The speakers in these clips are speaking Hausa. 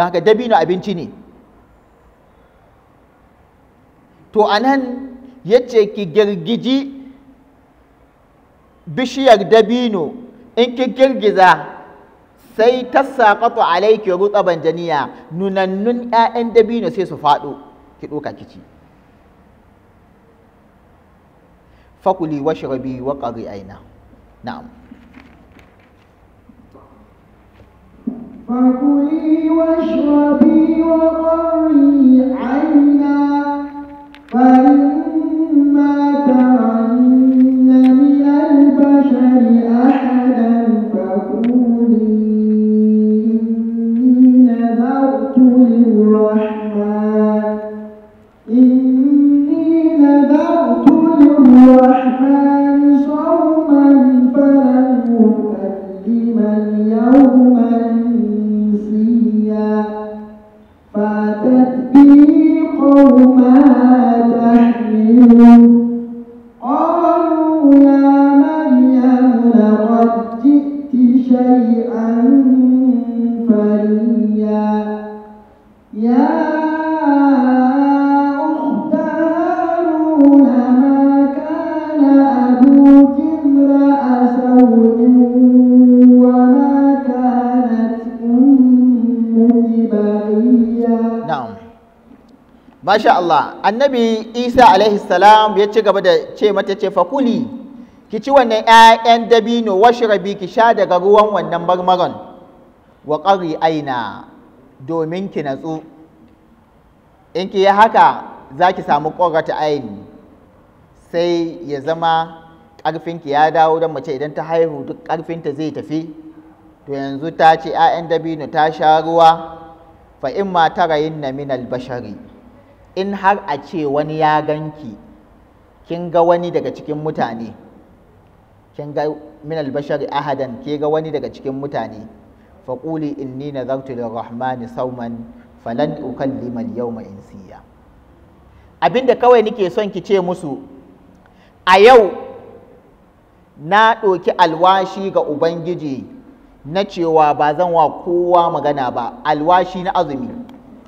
don haka dabino abinci ne to a nan ya ki girgiji bishiyar dabino in ki girgiza sai ta saƙaƙo alaiki rutsa janiya nunannun 'ya'yan dabino sai su faɗo ki ɗoka kici fakuli washrabi wa qari aina na'am فكلي واشربي وقري عينا فإن masha Allah annabi Isa alaihi salam ya ci gaba da ce mata ce fakuli ki ci wannan 'ya'yan dabino rabi ki sha daga ruwan wannan marmaron wa ƙari aina domin ki natsu in ki yi haka za ki samu ƙorata aini sai ya zama ƙarfinki ya dawo don mace idan ta haihu duk ƙarfinta zai tafi to yanzu ta ce 'ya'yan dabino ta sha ruwa fa’in ma na minal bashari in har a ce wani ya ganki kin ga wani daga cikin mutane kin ga min albashari ahadan ke ga wani daga cikin mutane faƙuli inni nazartu lirrahmani sauman falan ukallima al insiya abinda kawai nike son ki ce musu a yau na ɗoki alwashi ga ubangiji na cewa ba zan wa kowa magana ba alwashi na azumi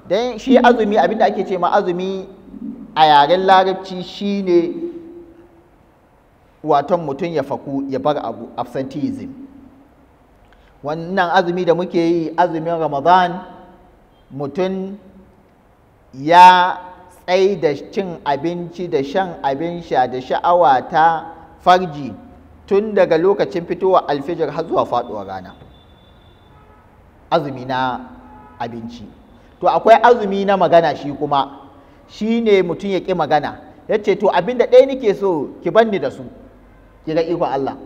dan shi azumi abinda ake ce ma azumi a yaren larabci shine waton mutum ya faku ya bar abu absenteeism wannan azumi da muke yi azumin ramadan mutum ya tsai da cin abinci da shan abin sha da sha'awa ta farji tun daga lokacin fitowa alfijir har zuwa faɗuwar rana azumi na abinci to akwai azumi na magana shi kuma shi ne mutum ya ƙi magana ya ce to abinda da ɗaya nake so ki banni da su ki ga ikon Allah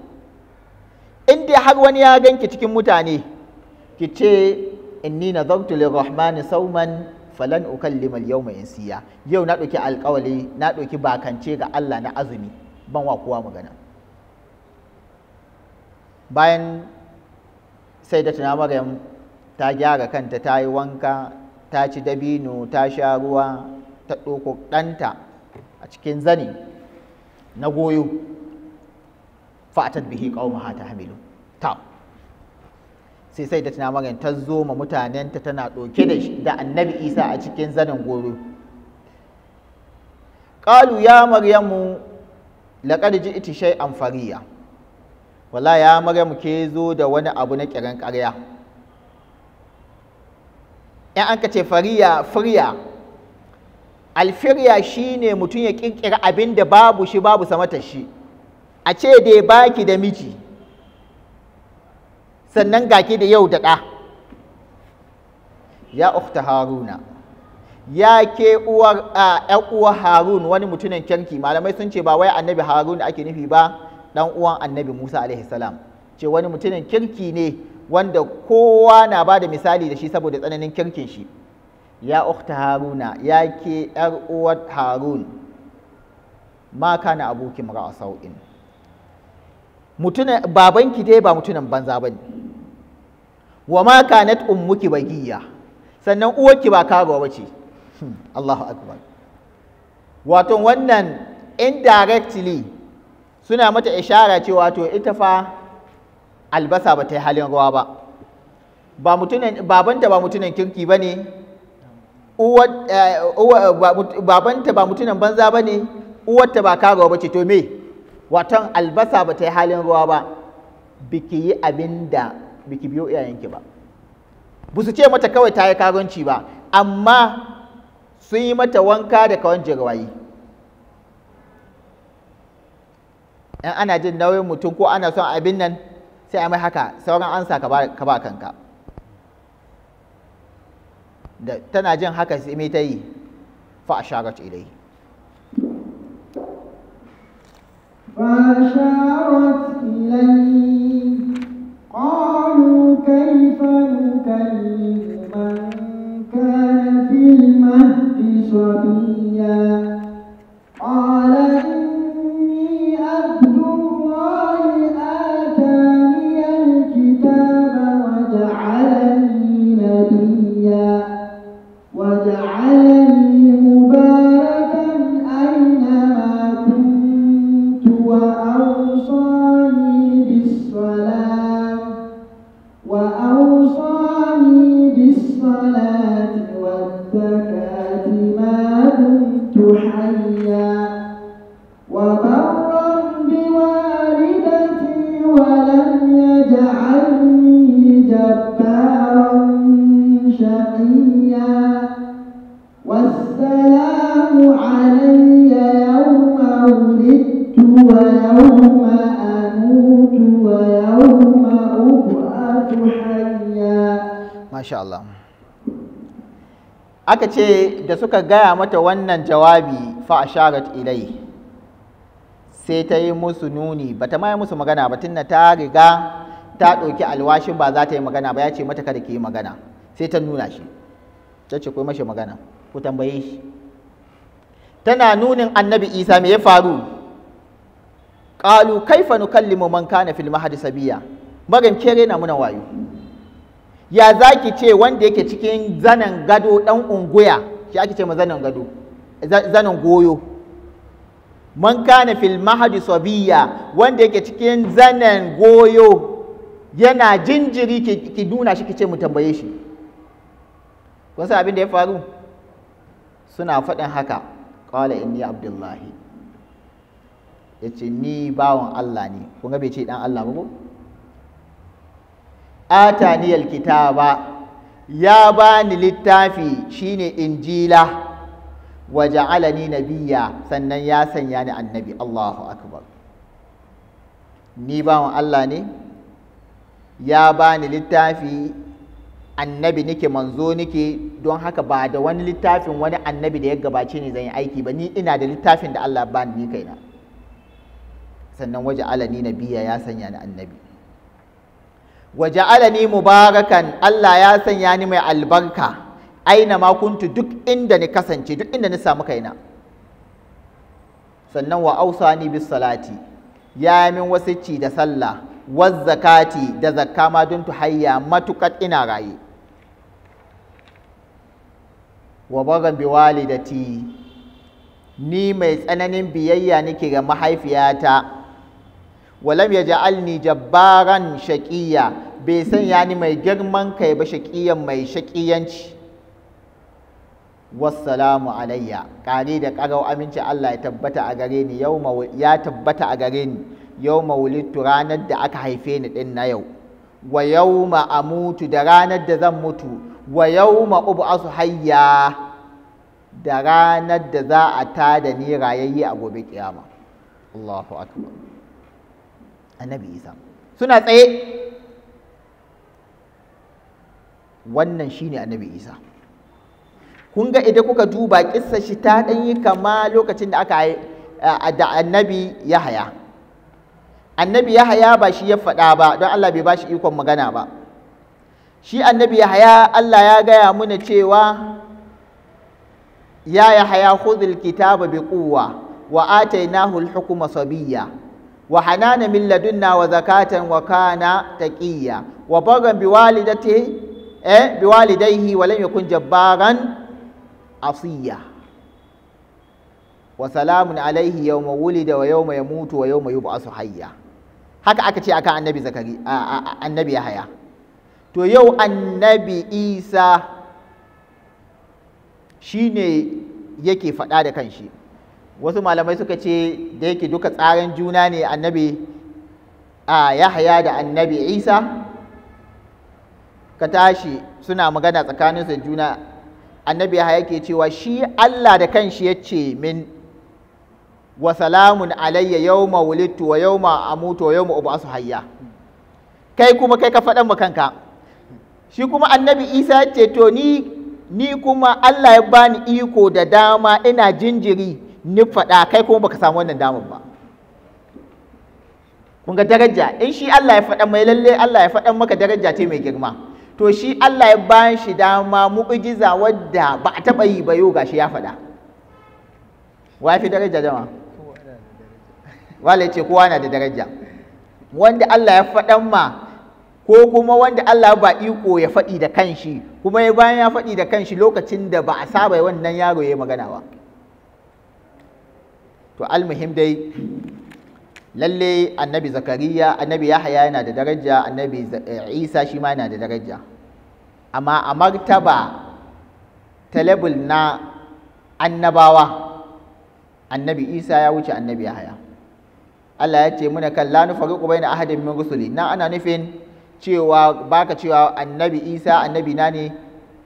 in dai har wani ya ganki cikin mutane ki ce inni nazartu lirrahmani sauman falan ukallima yau yawma insiya yau na ɗauki alƙawali na ɗauki bakance ga Allah na azumi ban wa kowa magana bayan sai da tunamar maryam ta gyara kanta ta yi wanka ta ci dabino ta sha ruwa ta ɗoko ɗanta a cikin zani na goyo fa'atat bihi qauma ta hamilu ta sai sai da tana magan ta zo ma mutanenta tana ɗauke da shi da annabi isa a cikin zanin goyo Ƙalu ya maryamu laqad ji'ti shay'an amfariya wala ya maryamu ke zo da wani abu na kiran ƙarya an ka ce fariya firya alfirya ne mutum ya kirkira abin da babu shi babu samata shi a ce dai baki da miji sannan gaki da yau da ɗa ya ukta haruna ya ke uwar a uwar harun wani mutumin kirki malamai sun ce ba wai annabi harun ake nufi ba Ɗan uwan annabi musa alaihi salam ce wani mutumin kirki ne wanda kowa na ba da misali da shi saboda tsananin kirkin shi ya ukhta haruna ya ke yar uwar harun ma kana abuki mara sau'in babanki dai ba mutunan banza ba ne. wa ma kanat ummuki bagiya sannan uwarki ba karuwa ce. Hmm, Allahu akbar wato wannan indirectly suna mata ishara cewa to ita fa albasa ba ta yi halin rawa ba babanta ba mutunan kirki ba ne babanta eh, ba mutunan banza ba ne uwarta ba karuwa ba ce to me watan albasa ba ta yi halin rawa ba biki yi abin da biki biyo iyayenki ba ba su ce mata kawai ta yi karunci ba amma sun yi mata wanka da kawan jirwayi in ana jin nauyin mutum ko ana son abin nan sai a mai haka sauran ansa ka ba kanka da tana jin haka sai mai ta yi fa a sharat ilai فأشارت إليه قالوا كيف نكلم من كان في المهد صبيا masha Allah aka ce da suka gaya mata wannan jawabi fa asharat ilai sai ta yi musu nuni bata ma yi musu magana ba tunda ta riga ta ɗauki alwashin ba za ta yi magana ba ya ce mata kada ki yi magana sai ta nuna shi ta ce mashi magana ku tambaye shi tana nunin annabi isa me ya faru ƙalu kaifa nukallimu man kana fil mahdi sabiya magan kere na muna wayo ya za ki ce wanda yake cikin zanen gado ɗan unguya shi ake ce ma zanen gado zanen goyo man kana fil mahadi sabiya wanda yake cikin zanen goyo yana jinjiri ki nuna shi ki ce mu tambaye shi kun san abin da ya faru suna faɗin haka qala inni abdullahi yace ni bawan Allah ne kun ga bai ce dan Allah ba ko ataniyal kitaba ya bani littafi shine injila wa ja'alani nabiyya sannan ya sanya ni annabi Allahu akbar ni mu Allah ne ya bani littafi annabi nike manzo nike don haka ba da wani littafin wani annabi da ya gabace ni zan yi aiki ba ni ina da littafin da Allah bani ni kaina sannan waje alani nabiya ya sanya ni annabi wa ja'alani mubarakan Allah ya sanya ni mai albarka aina ma kuntu duk inda ni kasance duk inda ni samu kaina sannan wa ausani bis salati ya min wasicci da sallah waz zakati da zakka ma don hayya matukat ina raye wa bagan bi walidati ni mai tsananin biyayya nake ga mahaifiyata walam yaj'alni jabbaran shaqiya bai sanya ni mai girman kai ba shaƙiyan mai shaƙiyanci wassalamu alayya ƙari da ƙarau aminci Allah ya tabbata a gare ni ya tabbata a gare ni yau mawulittu ranar da aka haife ni din na yau wa yau amutu da ranar da zan mutu wa yau ubu asu hayya da ranar da za a tada da ni rayayye a gobe kiyama Allahu akbar annabi Isa suna tsaye wannan shine annabi isa kun ga idan kuka duba kissa shi ta ɗan yi kama lokacin da aka da annabi yahaya annabi yahaya ba shi ya faɗa ba don allah bai ba shi ikon magana ba shi annabi yahaya allah ya gaya muna cewa ya yahaya khudhil kitaba bi quwwa wa atainahu al-hukma sabiyya wa hanana min ladunna wa zakatan wa kana taqiyya wa bagan bi walidati eh bi walidaihi wa lam yakun jabbaran asiya wa salamun alaihi yawma wulida wa yawma yamutu wa yawma yub'asu hayya haka aka ce akan annabi zakari annabi yahaya to yau annabi isa shine yake faɗa da kanshi wasu malamai suka ce da yake duka tsarin juna ne annabi a yahaya da annabi isa ka tashi suna magana tsakaninsu da juna annabi ya yake cewa shi Allah da kanshi ya ce min wa salamun alayya yawma wulidtu wa yawma amutu wa yawma ub'asu hayya kai kuma kai ka faɗan kanka shi kuma annabi Isa ya ce to ni ni kuma Allah ya bani iko da dama ina jinjiri ni faɗa kai kuma baka samu wannan damar ba kun ga daraja in shi Allah ya faɗa mai lalle Allah ya faɗa maka daraja ce mai girma to shi Allah ya bayan shi dama mu'jiza wadda ba a taɓa yi ba yau gashi ya faɗa wa fi daraja jama wale ce kowa na da daraja wanda Allah ya faɗan ma ko kuma wanda Allah ba iko ya faɗi da kanshi kuma ya bayan ya faɗi da kanshi lokacin da ba a saba wannan yaro ya magana ba to almuhim dai lalle annabi zakariya annabi yahaya yana da daraja annabi eh, isa shi ma yana da daraja amma a martaba ta level na annabawa annabi isa ya wuce annabi yahaya Allah ya ce muna kan lanu faru bai na ahadin min rusuli na ana nufin cewa baka cewa annabi isa annabi na ne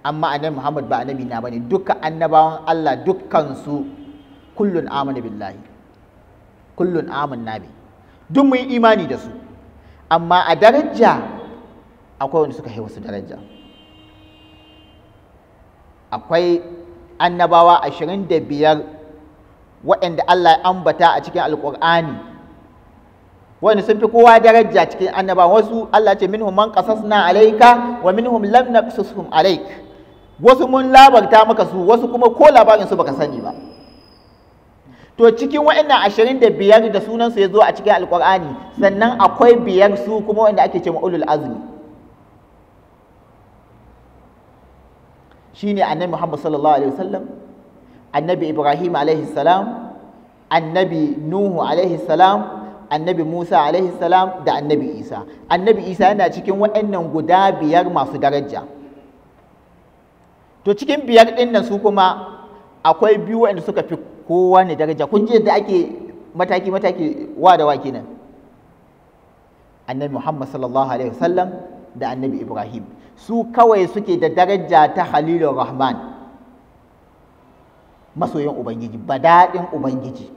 amma annabi muhammad ba annabi na bane duka annabawan Allah dukkan su kullun amana billahi kullun amanna bihi duk mun imani da su amma a daraja akwai wanda suka wasu daraja akwai annabawa ashirin da biyar waɗanda Allah ya ambata a cikin alƙur'ani wani sun fi kowa daraja cikin annabawa wasu Allah ce minhum man qasasna alayka wa minhum lam naqsushum alayk wasu mun labarta maka su wasu kuma ko labarin su baka sani ba to cikin wa'annan ashirin da biyar da sunansu ya zo a cikin alkur'ani sannan akwai biyar su kuma wanda ake ce azumi. Shi shine annabi muhammad sallallahu alaihi wasallam annabi ibrahim alaihi salam annabi nuhu alaihi salam annabi Musa alaihi salam da annabi Isa annabi Isa yana cikin waɗannan guda biyar masu daraja to cikin biyar ɗin nan su kuma akwai biyu waɗanda suka fi kowa ne daraja kun ji yadda ake mataki mataki wa da wa nan. annabi Muhammad sallallahu alaihi wasallam da annabi Ibrahim su kawai suke da daraja ta Halilur Rahman masoyin ubangiji badadin ubangiji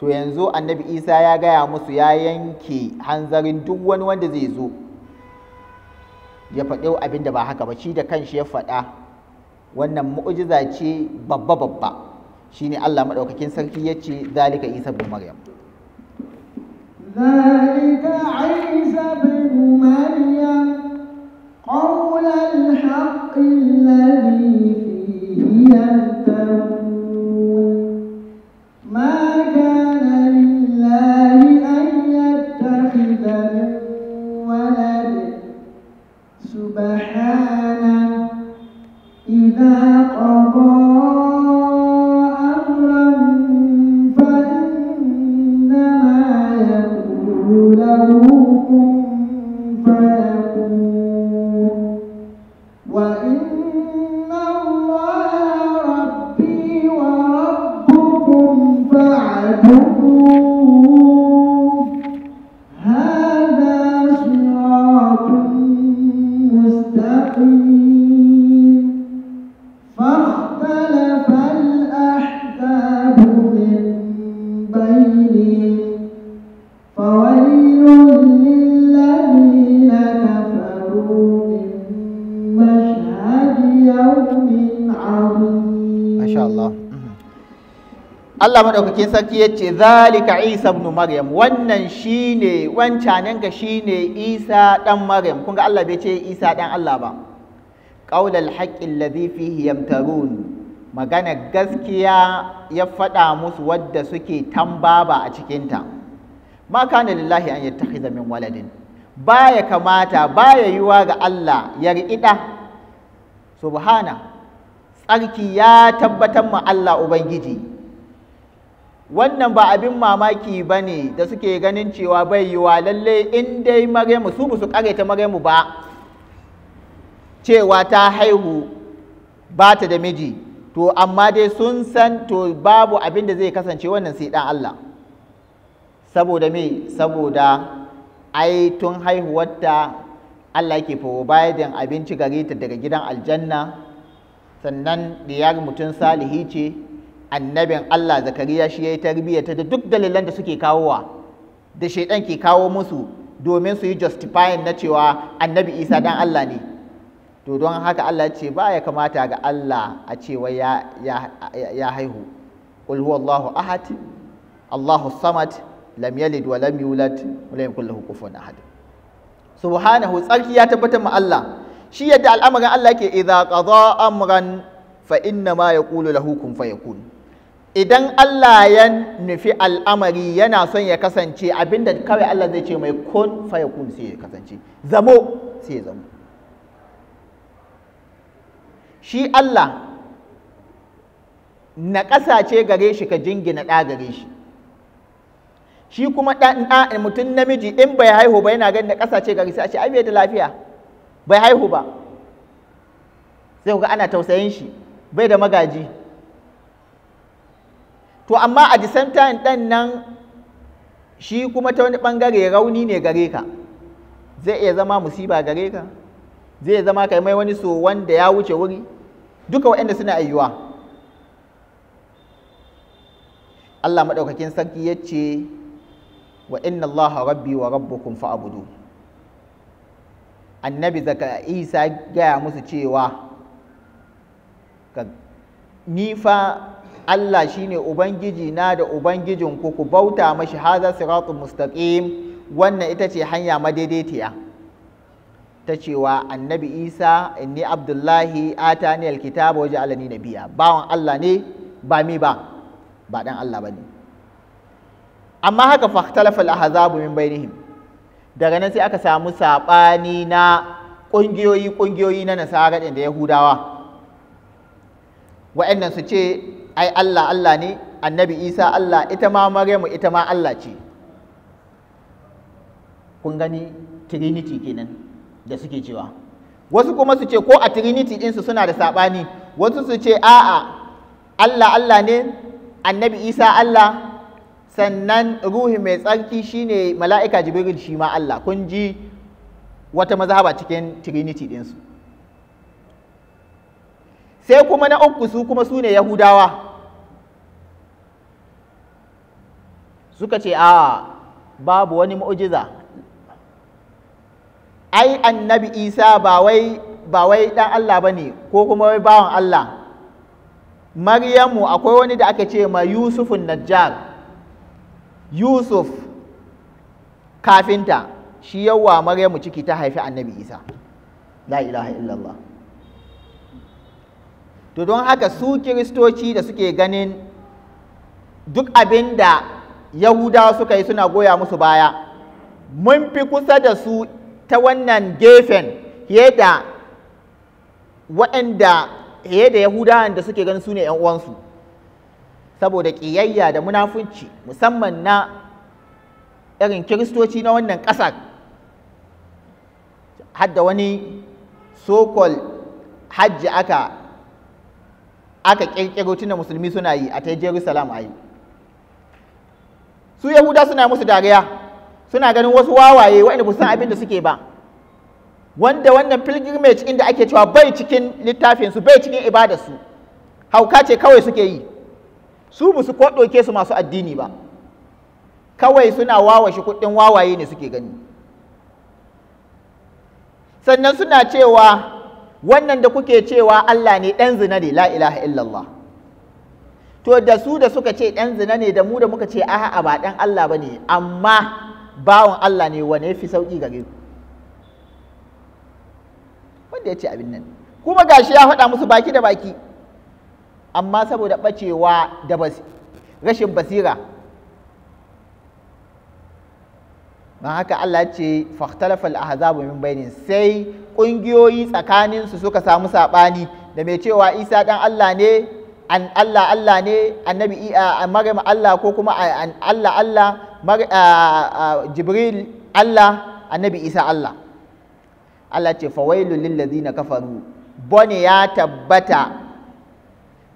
to yanzu annabi Isa ya gaya musu ya yanke hanzarin duk wani wanda zai zo ya faɗo abinda ba haka ba shi da kanshi ya faɗa wannan mu'jiza ce babba babba shine Allah madaukakin sarki yace zalika Isa ibn Maryam ذلك عيسى بن مريم قول الحق alladhi fihi يمترون Allah maɗaukakin sarki ya ce zalika Isa ibn Maryam wannan shine nan ga shine Isa dan Maryam kun ga Allah bai ce Isa dan Allah ba qaulal haqqi alladhi fihi yamtarun magana gaskiya ya faɗa musu wadda suke tambaba a cikinta ma kana lillahi an yattakhidha min waladin baya kamata baya yiwa ga Allah ya riƙida subhana tsarki ya tabbatar ma Allah ubangiji wannan ba abin mamaki ba ne da suke ganin cewa bai yiwa lalle in dai maryamu su ba kare ta maryamu ba cewa ta haihu ba ta da miji to amma dai sun san to babu abin da zai kasance wannan sai dan Allah saboda me saboda ai tun haihuwarta Allah ke providing abinci gare ta daga gidan aljanna sannan diyar mutum salihi ce annabin Allah zakariya shi ya yi tarbiyya ta duk dalilan da suke kawowa da shaidan ke kawo musu domin su yi justifying na cewa annabi isa dan Allah ne to don haka Allah ce ba ya kamata ga Allah a cewa ya, ya, haihu qul huwallahu ahad Allahu samad lam yalid wa lam yulad wa lam yakul lahu kufuwan ahad subhanahu tsarki ya tabbatar ma Allah shi yadda al'amarin Allah ke idza qada amran fa inna ma yaqulu lahu kun fayakun idan Allah ya nufi al'amari yana son ya kasance abinda kawai Allah zai ce mai kun faya kun sai ya kasance zamo sai ya zamo shi Allah na kasace gare shi ka jingina ɗa gare shi shi kuma ɗan mutum namiji in bai haihu ba yana ganin na kasace gare shi a ce ai bai da lafiya bai haihu ba sai ga ana tausayin shi bai da magaji to amma a the same time ɗan nan shi kuma ta wani ɓangare rauni ne gare ka zai iya zama musiba gare ka zai zama kai mai wani so wanda ya wuce wuri duka waɗanda suna ayyuwa Allah maɗaukakin sarki ya ce wa inna Allah rabbi wa rabbukum fa'budu annabi zaka isa gaya musu cewa ni fa Allah shine ubangiji na da ubangijin ku ku bauta mashi hadha siratu mustaqim wannan ita ce hanya madaidaitiya ta cewa annabi isa inni abdullahi atani alkitaba waje alani nabiya bawan Allah ne ba mi ba ba dan Allah ba amma haka fa al-ahzabu min bainihim daga nan sai aka samu saɓani na ƙungiyoyi ƙungiyoyi na nasara da yahudawa wa'annan su ce ai Allah Allah ne annabi Isa Allah ita ma Maryamu ita ma Allah ce kun gani trinity kenan da suke cewa wasu kuma su ce ko a trinity din su suna da saɓani wasu su ce a'a Allah Allah ne annabi Isa Allah sannan ruhi mai tsarki shine mala'ika jibril shi ma Allah kun ji wata mazhaba cikin trinity din su sai kuma na uku su kuma su ne yahudawa suka ce a babu wani mu'jiza ai annabi isa ba wai ba wai dan Allah bane ko kuma wai bawan Allah maryamu akwai wani da aka ce ma yusufun najjar yusuf kafinta shi yawa maryamu ciki ta haifi annabi isa la ilaha illallah to don haka su kiristoci da suke ganin duk abin da yahudawa suka yi suna goya musu baya mun fi kusa da su ta wannan gefen fiye da waɗanda fiye da yahudawan da suke gan su ne uwansu saboda ƙiyayya da munafunci musamman na irin kiristoci na wannan ƙasar hadda wani sokol hajji aka aka ƙirƙiro tunda musulmi suna yi a ta jerusalem a yi su yahuda suna musu dariya suna ganin wasu wawaye waɗanda ba san abin da suke ba wanda wannan pilgrimage inda ake cewa bai cikin littafin su bai cikin ibada su hauka ce kawai suke yi su ba ko ɗauke su masu addini ba kawai suna wawashe kuɗin wawaye ne suke gani sannan suna cewa wannan da kuke cewa Allah ne ɗan zina ne la ilaha illallah to da su da suka ce ɗan zina ne da mu da muka ce a'a ba ɗan Allah ba ne amma bawan Allah ne wane fi sauƙi gare ku wanda ya ce abin nan kuma gashi ya faɗa musu baki da baki amma saboda ɓacewa da rashin basira don haka Allah ce faktalafal ahzabu min bainin sai ƙungiyoyi tsakaninsu suka samu saɓani da mai cewa isa ɗan Allah ne an Allah Allah ne annabi Maryam Allah ko kuma an Allah Allah Jibril Allah annabi Isa Allah Allah ce fawailul kafaru bone ya tabbata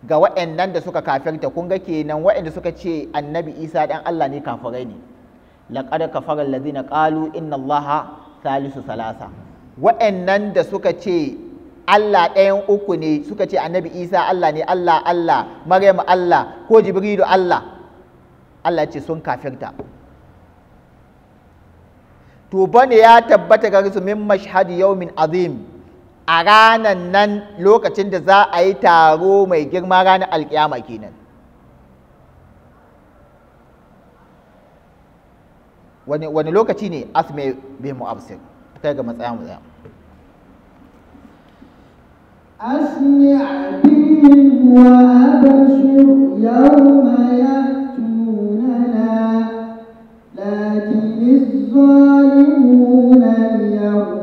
ga waɗannan da suka kafirta kun ga kenan waɗanda suka ce annabi Isa dan Allah ne kafirai ne laqad kafara allazina qalu inna allaha thalithu salasa waɗannan da suka ce Allah ɗayan uku ne suka ce annabi Isa Allah ne Allah Allah Maryam Allah ko Jibrilu Allah Allah ce sun kafirta to bane ya tabbata ga su min mashhadi yawmin azim a ranan nan lokacin da za a yi taro mai girma ranar alkiyama kenan wani lokaci ne asme bai mu absir kai ga matsayin mu tsaya أسمع بهم وأبشر يوم يأتوننا لكن الظالمون اليوم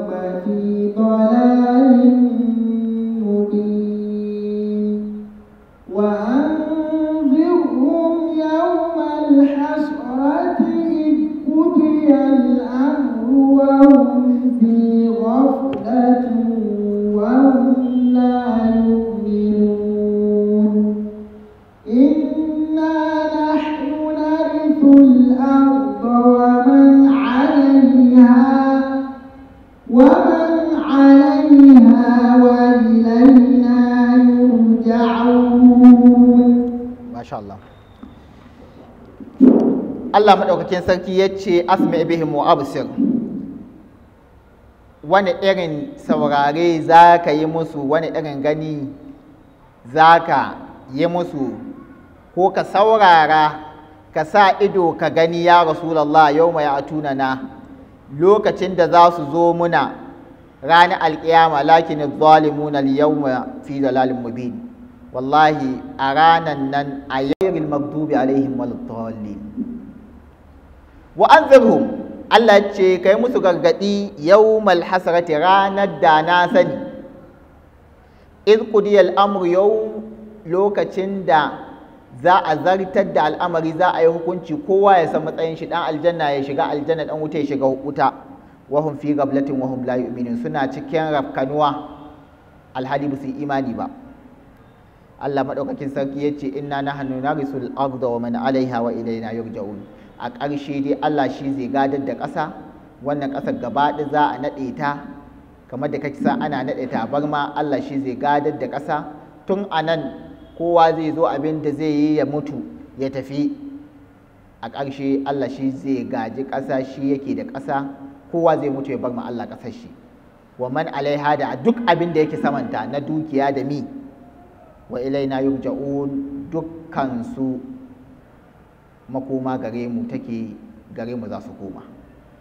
Allah maɗaukakin sarki ya ce asma bihim wa absir wani irin saurare za ka yi musu wani irin gani za ka yi musu ko ka saurara ka sa ido ka gani ya rasulallah yau mai atuna na lokacin da za su zo muna ranar alƙiyama lakin zalimuna yawma fi dalalin mubin wallahi a ranan nan a yayin magdubi alaihim walittawalli Wa an wa'azzabhum Allah ce kai musu gargadi yau hasarati ranar da na sani iz qudiyal amru yau lokacin da za a zartar da al'amari za a yi hukunci kowa ya san matsayin shi dan aljanna ya shiga aljanna dan wuta ya shiga wuta wahun fi gablatin wahun la yu'minun suna cikin rafkanuwa alhali su imani ba Allah madaukakin sarki ya yace inna na narisul arda wa man alaiha wa ilayna yurja'un a ƙarshe dai Allah shi zai gadar da ƙasa wannan ƙasar gaba za a naɗe ta kamar da kake san ana naɗe ta bar ma Allah shi zai gadar da ƙasa tun a nan kowa zai zo abin da zai yi ya mutu ya tafi a ƙarshe Allah shi zai gaji ƙasa shi yake da ƙasa kowa zai mutu ya bar ma Allah ƙasar shi wa man alaiha da duk abin da yake samanta na dukiya da mi wa ilaina yurja'un dukkan su makoma gare mu take gare mu za su koma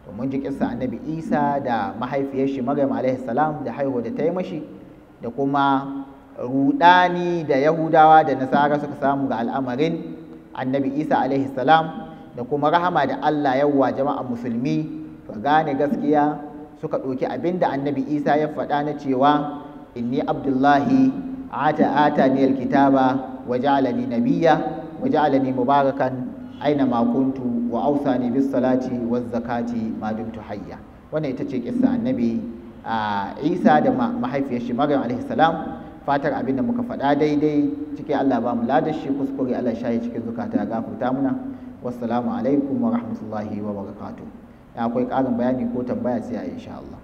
to mun ji kissa annabi isa da mahaifiyar shi maryam alaihi salam da haihuwa da ta yi mashi da kuma rudani da yahudawa da nasara suka samu ga al'amarin annabi isa alaihi salam da kuma rahama da allah yawwa jama'a musulmi ka gane gaskiya suka ɗauki abin da annabi isa ya faɗa na cewa inni abdullahi ata ata ni alkitaba wa ja'alani nabiyya wa ja'alani mubarakan aina makuntu wa ausani bis salati waz zakati ma dumtu hayya wannan ita ce kissa annabi Isa da mahaifiyar shi Maryam alaihi salam fatar abinda muka faɗa daidai cike Allah ba mu ladar shi kuskure Allah shaye cikin zukata gafarta muna wassalamu alaikum wa rahmatullahi wa barakatuh akwai ƙarin bayani ko tambaya sai a insha Allah